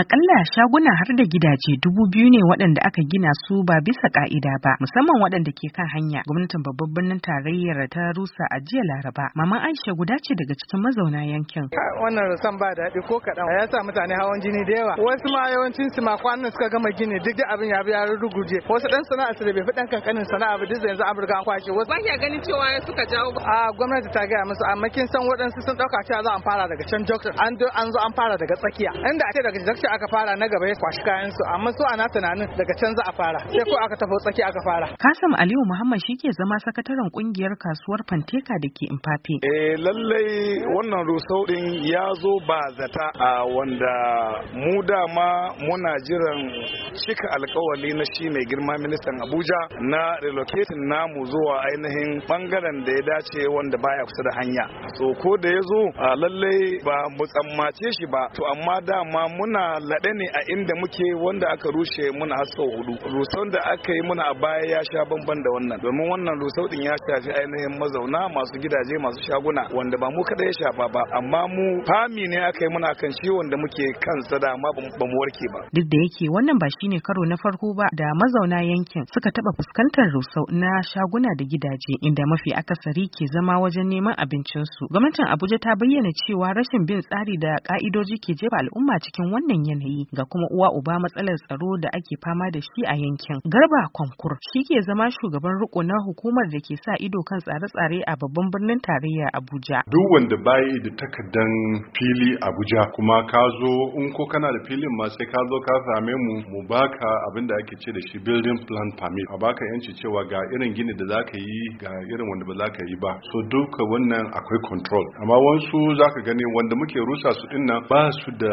Akalla shaguna har da gidaje dubu biyu ne waɗanda aka gina su ba bisa ka'ida ba musamman waɗanda ke kan hanya gwamnatin babban birnin tarayyar ta rusa a jiya laraba mama aisha guda ce daga cikin mazauna yankin wannan rusan ba daɗi ko kaɗan ya sa mutane hawan jini da yawa wasu ma yawancin su ma kwanan suka gama gini duk da abin ya bi ya ruguje wasu dan sana'a su da bai fi dan kankanin sana'a ba duk da yanzu an burga an kwashe wasu ba ganin cewa suka jawo ba a gwamnati ta gaya musu amma kin san waɗansu sun ɗauka cewa za a fara daga can junction an zo an fara daga tsakiya inda ake daga junction aka fara na gaba ya kwashi kayan su amma su ana tunanin daga can za a fara sai ko aka tafi tsaki aka fara Kasim Aliyu Muhammad shi ke zama sakataren kungiyar kasuwar Fanteka da ke Imfafe eh lallai wannan rusau din ya zo ba zata a wanda mu dama muna jiran cika alkawali na shi mai girma ministan Abuja na relocating namu zuwa ainihin bangaren da ya dace wanda baya kusa da hanya so ko da ya zo lallai ba mu tsammace shi ba to amma dama muna lade ne a inda muke wanda aka rushe muna har sau hudu rusau da aka yi muna a baya ya sha bamban da wannan domin wannan rusau din ya shafi ainihin mazauna masu gidaje masu shaguna wanda ba mu kada ya shafa ba amma mu fami ne aka yi muna kan ciwon da muke kan sada ma ba mu warke ba duk da yake wannan ba shine karo na farko ba da mazauna yankin suka taba fuskantar rusau na shaguna da gidaje inda mafi akasari ke zama wajen neman abincinsu gwamnatin abuja ta bayyana cewa rashin bin tsari da ka'idoji ke jefa al'umma cikin wannan sauyin yanayi ga kuma uwa uba matsalar tsaro da ake fama da shi a yankin. Garba Kwankur shi ke zama shugaban riko na hukumar da ke sa ido kan tsare-tsare a babban birnin tarayya Abuja. Duk wanda bayi da takardan fili Abuja kuma ka zo in ko kana da filin ma sai ka zo ka same mu mu baka abin da ake ce da shi building plan permit a baka yanci cewa ga irin gini da zaka yi ga irin wanda ba zaka yi ba so duka wannan akwai control amma wasu zaka gani wanda muke rusa su dinnan ba su da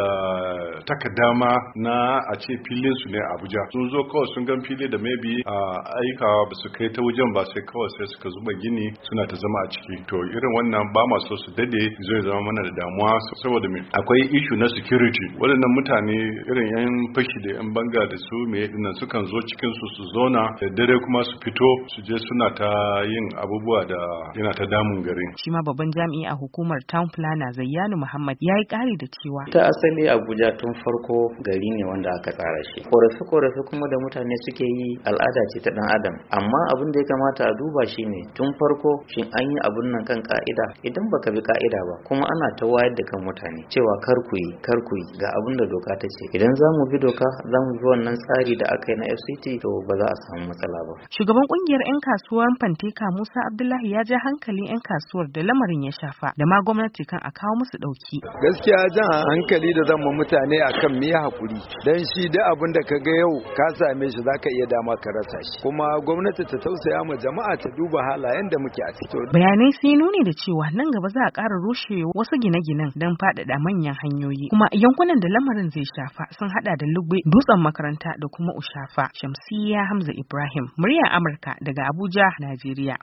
haka dama na a ce filin su ne Abuja sun zo kawai sun gan fili da maybe a aikawa ba su kai ta wajen ba sai kawai sai suka zuba gini suna ta zama a ciki to irin wannan ba ma so su dade zai zama mana da damuwa saboda me akwai issue na security waɗannan mutane irin yan fashi da yan banga da su me dinnan sukan zo cikin su su zona da dare kuma su fito su je suna ta yin abubuwa da yana ta damun gari shi ma babban jami'i a hukumar town planner Zayyanu Muhammad ya yi da cewa ta asali Abuja tun farko gari ne wanda aka tsara shi korafi korafi kuma da mutane suke yi al'ada ce ta dan adam amma abin da ya kamata a duba shi ne tun farko shin an yi abun nan kan ka'ida idan baka bi ka'ida ba kuma ana ta wayar da kan mutane cewa kar ku yi kar ku yi ga abin da doka ta ce idan za mu bi doka za mu bi wannan tsari da aka yi na FCT to ba za a samu matsala ba shugaban kungiyar 'yan kasuwar Fanteka Musa Abdullahi ya ja hankalin 'yan kasuwar da lamarin ya shafa da ma gwamnati kan a kawo musu dauki gaskiya jan hankali da zan mutane a kan mu hakuri dan shi da abin da kaga yau ka same shi zaka iya dama ka rasa shi kuma gwamnati ta tausaya ma jama'a ta duba halayen da muke a ciki bayanai sun nuni da cewa nan gaba za a ƙara rushe wasu gine-ginen don faɗaɗa manyan hanyoyi kuma yankunan da lamarin zai shafa sun hada da lugbe dutsen makaranta da kuma ushafa shamsiyya hamza ibrahim murya amurka daga abuja najeriya